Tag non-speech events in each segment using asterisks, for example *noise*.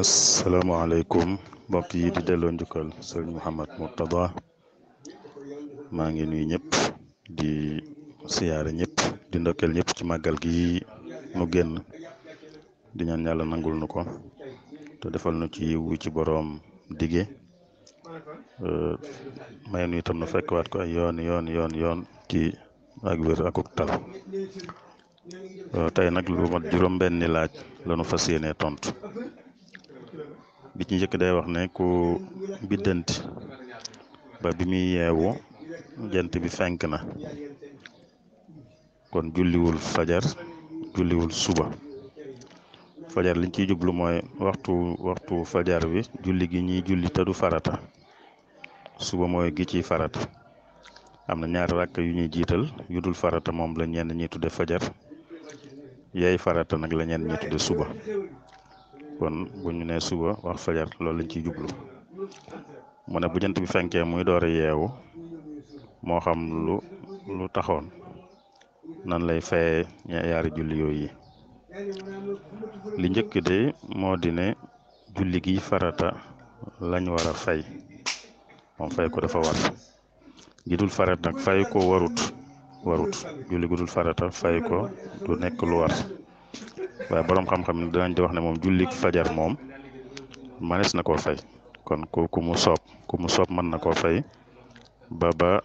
asalaamaaleykum mbokk yi di delloo njukkal sëriñ Mouhamed Mourtada maa ngi nuyu ñëpp di siyaare ñëpp di ndokkeel ñëpp ci màggal gi nu génn di ñaan yàlla nangul nu ko te defal nu ci yiwu ci boroom dige may nu itam nu fekkwaat ko ay yoon yoon yoon yoon ci ak wér akuk tay nak lu mat juróom-benni laaj lañu fassiyene fas tontu bi ci njëkk day wax ne ku bidënt ba bi mi yeewu jënt bi fenk na kon julliwul fajar julliwul suba fajar liñ ciy jublu moy waxtu waxtu fajar wi julli gi ñi julli ta du farata suba moy gi ci farata amna ñaar rak yu ñi jital yudul farata mom la ñen ñi tudde fajar yaay farata nak la ñeen ñi suba kon bu ñu suba wax fajar loolu lañ ci jublu mu né bu jënt bi fënké muy doore a mo xam lu lu taxoon nan lay ya ñaari julli yi li njëkk dé mo di né julli gi farata lañ wara fay mo fay ko dafa war gi dul farata nag fay ko warut warut julli gudul farata fay ko du nekk lu war waaye borom xam-xam ne danañ di wax ne moom julli fajar moom manees na koo fay kon ku ku mu soob ku mu soob mën na koo fay ba ba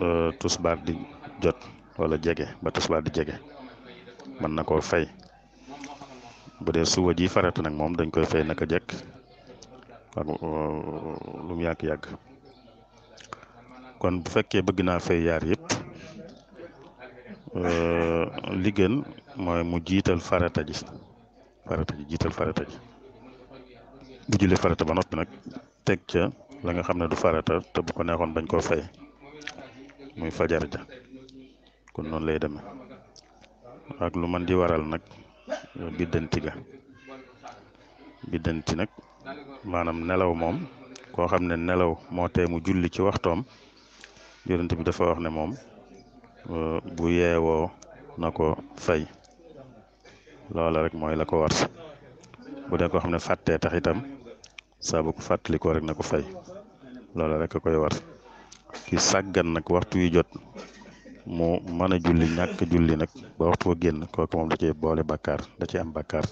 euh, tusbaar di jot wala jege ba tusbaar di jege mën na koo fay bu dee ji farata nag moom dañ koy fay naka jekk ak euh, lu mu yàgg kon bu fekkee bëgg naa fay yaar yëpp Euh, li gën mooy mu jiital farata ji farata ji jiital farata ji bu julli farata ba noppi nag teg ca la nga xam ne du farata te bu ko neexoon bañ koo fay muy fajar ja kon noonu lay demee ak lu man di waral nag biddanti ga biddanti nag maanaam nelaw moom koo xam ne nelaw moo tee mu julli ci waxtoom yonent bi dafa wax ne moom Euh, bu yeewoo na ko fay loola rek mooy la ko war bu dee koo xam ne fàttee tax itam saa bu ko fàttalikoo rek na ko fay loola rek a koy war ki sàggan nag waxtu wi jot mu mën a julli ñàkk julli nag ba waxtu wa génn kooku moom da cee boole bàkkaar da cee am bàkkaar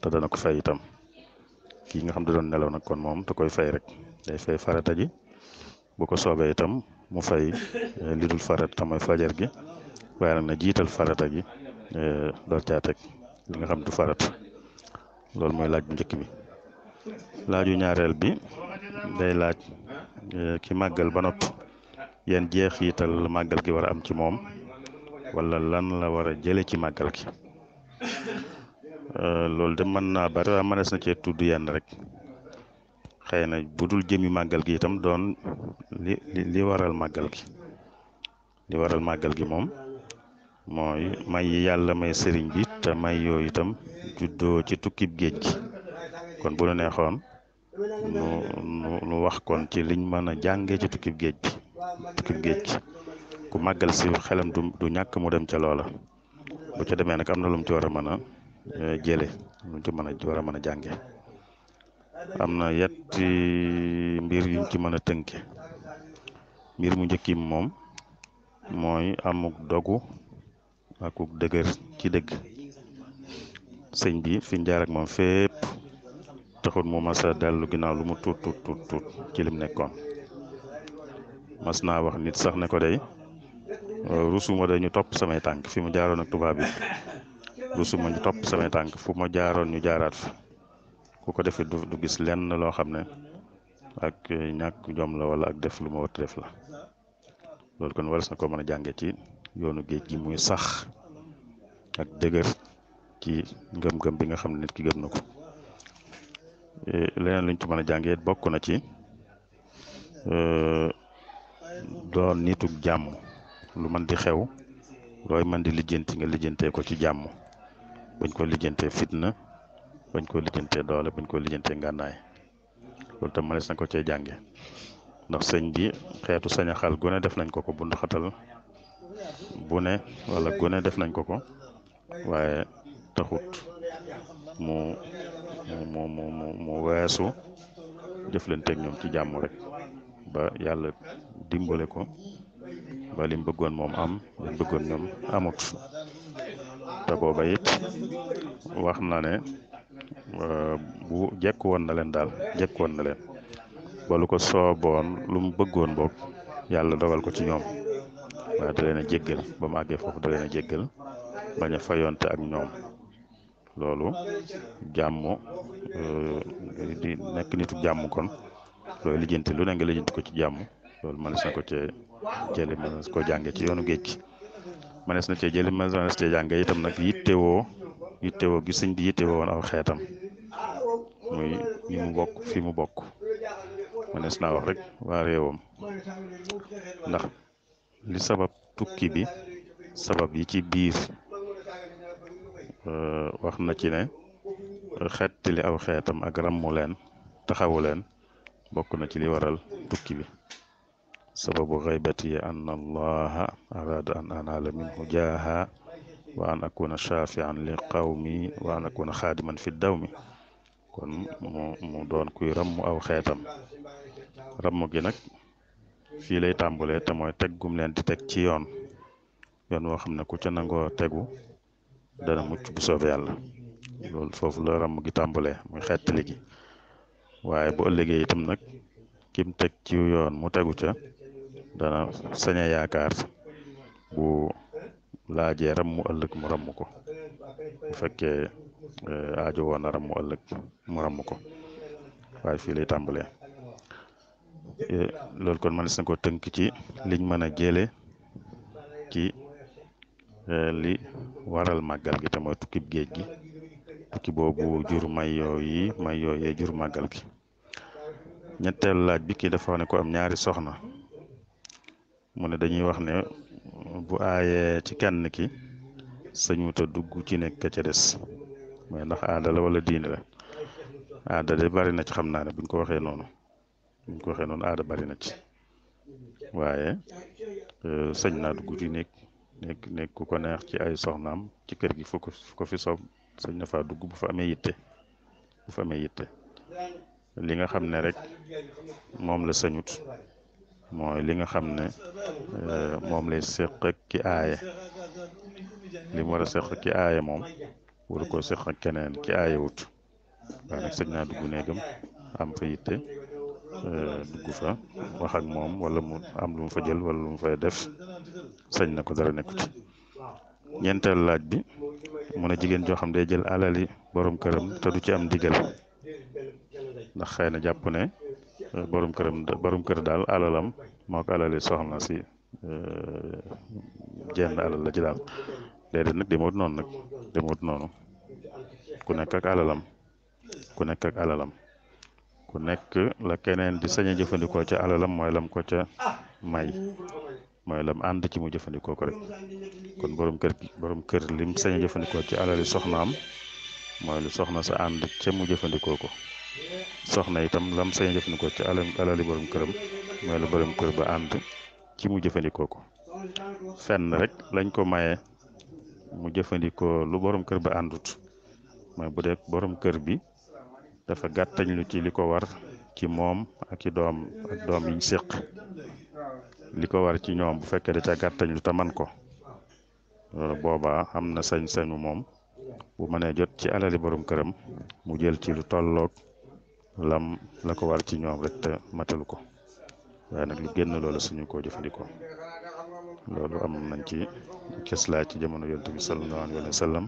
te dana ko fay itam kii nga xam da doon nelaw nag kon moom da koy fay rek day fay farata ji bu ko soobee itam mu fay eh, li dul farata te fajar gi waaye nag na jiital farata gi door eh, caa teg li nga xam du farata loolu mooy laaj bu njëkk bi laaju ñaareel bi day laaj eh, ki màggal ba noppi yan jeexiital màggal gi war a am ci moom wala lan la war a jële ci màggal gi loolu de mën naa bari waaye mënees na cee tudd yenn rek xëy na bu dul jëmi màggal gi itam doon li li waral màggal gi li waral màggal gi moom mooy may yi yàlla may sëriñ bi te may yooyu itam juddoo ci tukkib géej gi kon bu nu neexoon nu wax kon ci liñ mën a jàngee ci tukkib géej gi ku màggal si xelam du ñàkk mu dem ca loola boo ca demee nag am na lum ci war a mën a eh, jële lu ci mën a war a mën a jànge am na yetti mbir yuñ ci mën a tënke mbir mu njëkkim moom mooy amuk dogu akuk dëgër ci dëgg sëñ bi fi njaar moom fépp taxul mu mas a dellu ginnaaw lu mu tut tuut tuut tuut ci lim nekkoon mas naa wax nit sax ne ko day rusuma day ñu topp samay tànk fi mu jaaroon ak tubaab bi rusuma ñu topp samay tànk fu ma jaaroon ñu jaaraat fa ku ko defee du du gis lenn loo xam ne ak ñàkk jom la wala ak def lu ma war def la loolu kon waras na ko mën a jànge ci yoonu géej gi muy sax ak dëgër ci ngëm-ngëm bi nga xam ne nit ki gëm na ko e, leneen luñ ci mën a jànge bokk na ci e, doon nituk jàmm lu mën di xew looy mën di lijjanti nga lijjantee ko ci jàmm buñ ko lijjantee fitna bañ koo lijjantee doole bañ koo lijjantee ngànnaay loolu tam mënees na ko cee ndax sëñ bi xeetu sañaxal gone def nañ ko ko bundu xatal bu ne wala gune def nañ ko ko waaye taxut mu mu mu mu mu weesu jëflanteeg ñoom ci jàmm rek ba yàlla dimbole ko ba lim bëggoon moom am lim bëggoon ñoom amut te booba it wax na ne Euh, bu jekk woon na leen daal jekk woon na leen ba ko sooboon lu mu bëggoon boog yàlla dogal ko ci ñoom waaye da leen a jéggal ba mu àggee foofu da leen a jéggal bañ a ak ñoom loolu jàmm euh, di nekk nitu jàmm kon loolu lijjanti lu ne nga lijjanti ko ci jàmm loolu mënees na ko cee jëli mënees ko jànge ci yoonu géej gi mënees na cee jëli mënees na cee jànge itam nag yittewoo yittewoo gi sëñ bi yittewoo woon aw xeetam muy ñi mu bokk fi mu bokk mënees naa wax rek waa réewam ndax li sabab tukki bi sabab yi ci biir wax na ci ne xettali aw xeetam ak ràmmu leen taxawu leen bokk na ci li waral tukki bi sababu xaybati an allaha arada an anaala minhu jaaha wa an akuna shafian li qawmi wa an akuna xaadiman fi dawmi kon mu mu doon kuy ramm aw xeetam ram gi nag fii lay tàmbulee te teg teggum leen di teg ci yoon yoon woo xam ne ku ca nangoo tegu dana mucc bu soobee yàlla loolu foofu la ramm gi tàmbulee muy xettali gi waaye bu ëllëgee itam nag kim teg ci yoon mu tegu ca dana sañ a yaakaar bu laajee rammu ëllëg mu ramm ko bu fekkee eh, aajo woon na rammu mu ramm ko waaye fii lay tàmbalee eh, loolu kon mënees na ko tënk ci liñ mën a jële ki eh, li waral màggal gi te mooy tukkib géej gi tukki boobu jur may yooyi may yooyee jur màggal gi ñetteelu laaj bi kii dafa wax ne am ñaari soxna mu ne dañuy wax ne bu aayee ci kenn ki sañuta dugg ci nekk ca des mais ndax aada wala diine la aada de bari na ci xam naa ne buñ ko waxee noonu buñ ko waxee noonu aada bari na ci waaye euh, sañ naa dugg ci nekk nekk nekk ku ko neex ci ay soxnaam ci kër gi fu ko fi soob sañ na fa dugg bu fa amee yitte bu fa amee yitte li nga xam ne rek moom la sañut mooy li nga xam ne euh, moom lay séq ak ki aaye li mu war a séq ak ki aaye moom waru koo séq ak keneen ki aaye wut waaye nag sëñ naa dugg néegam am fa yitte euh, dugg fa wax ak moom wala mu am lu mu fa jël wala lu mu fay def sañ na ko dara nekku ci ñeenteel laaj bi mu a jigéen joo xam day jël alali borom këram tadu ci am ndigal ndax xëy na jàpp ne borom këram borom kër daal alalam moo ko alali soxna si euh, jenn alal la ci daal déedéet nag demut noonu nag demut noonu ku nekk ak alalam ku nekk ak alalam ku nekk la keneen di sañ a jëfandikoo ca alalam mooy lam ko ca may lam ànd ci mu jëfandikoo ko rek kon borom kër kër lim sañ jëfandikoo ci alali soxnaam mooy lu soxna sa ànd ca mu jëfandikoo ko. soxna itam lam sañ jëfandikoo ci alal alali borom këram mooy la borom kër ba ànd ci mu jëfandikoo ko fenn rek lañ ko maye mu jëfandikoo lu borom kër ba àndut mooy bu dee borom kër bi dafa gàttañ lu ci li ko war ci moom ak ci doom doom yiñ séq li ko war ci ñoom bu fekkee da ca gàttañ lu te man ko loolu boobaa am na sañ-sañu moom bu mënee jot ci alali borom këram mu jël ci lu tolloog lam la ko war ci ñoom rek matalu ko waaye nag lu génn loola suñu koo jëfandikoo loolu am nañ ci kes cëslaa ci jamono yonent bi sallallahu alayhi wa sallam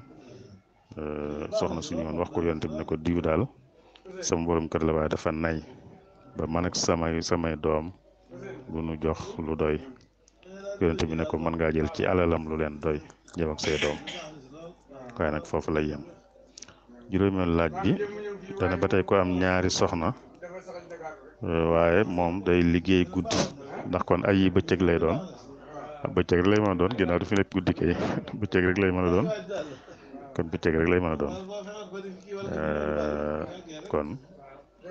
euh, soxna suñu woon wax ko yonent bi ne ko diw daal sama borom kër la waaye dafa nay ba man ak samay samay doom lu nu jox lu doy yonent bi ne ko mën ngaa jël ci alalam lu leen doy jëm say doom waaye nag foofu lay yem juróomeel laaj bi dana ba tey ku am ñaari soxna euh, waaye moom day liggéey guddi ndax kon ay yi bëccëg lay doon bëccëg rek lay mën a doon ginnaaw dafa nekk guddi *laughs* lay mën a doon kon bëccëg rek lay mën a doon euh, kon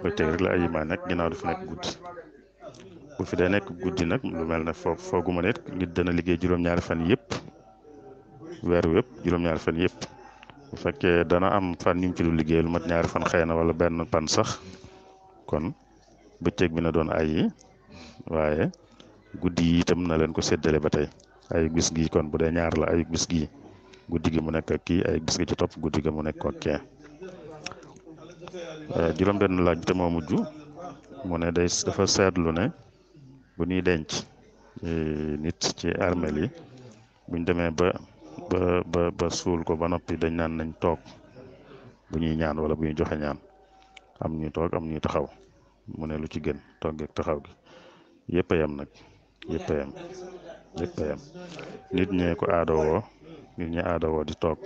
bëccëg rek la ay yi ma nekk ginnaaw dafa nekk guddi bu fi day nekk guddi nag lu mel ne foog fooguma dana liggéey juróom-ñaari yëpp weer wépp juróom-ñaari fan yëpp. bu fekkee dana am fan ñu ci du liggéey lu mat ñaari fan xëy na wala benn pan sax kon bëccëg bi na doon ay yi waaye guddi yi itam na leen ko séddale ba tey ay bis gi kon bu dee ñaar la ay bis gi guddi gi mu nekk ak kii ay bis gi ci topp guddi gi mu nekk ak kee euh, juróom-benn laaj bi te moo mujj mu ne day dafa seetlu ne bu ñuy denc euh, nit ci armeel yi buñ demee ba. ba ba suul ko ba noppi dañ naan nañ toog bu ñuy ñaan wala bu ñuy joxe ñaan am ñuy toog am ñuy taxaw mu ne lu ci gën toog ak taxaw gi yëpp a yem nag yëpp a yem yëpp a nit ñee ko aadawoo nit ñi aadawoo di toog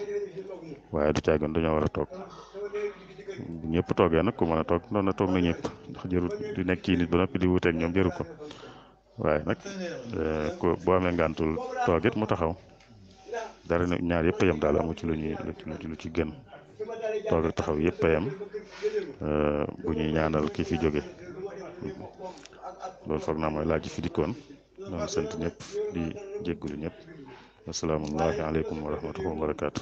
waaye du caagoon dañoo war a toog bu ñëpp toogee nag ku mën a toog noonu la toog na ñëpp ndax jërut di nekk ci nit ba noppi di wuuteeg ñoom jëru ko waaye nag eh, boo amee ngàntul toog it mu taxaw. dara ne ñaar yëpp a yem daal amu ci lu ñuy lu ci gën toog ak taxaw yëpp a yem euh, bu ñuy ñaanal ki fi jóge loolu foog naa mooy laaj fi dikkoon ñoo sant ñëpp di jéggulu ñëpp asalaamaaleykum wa rahmatulah wa barakaatu.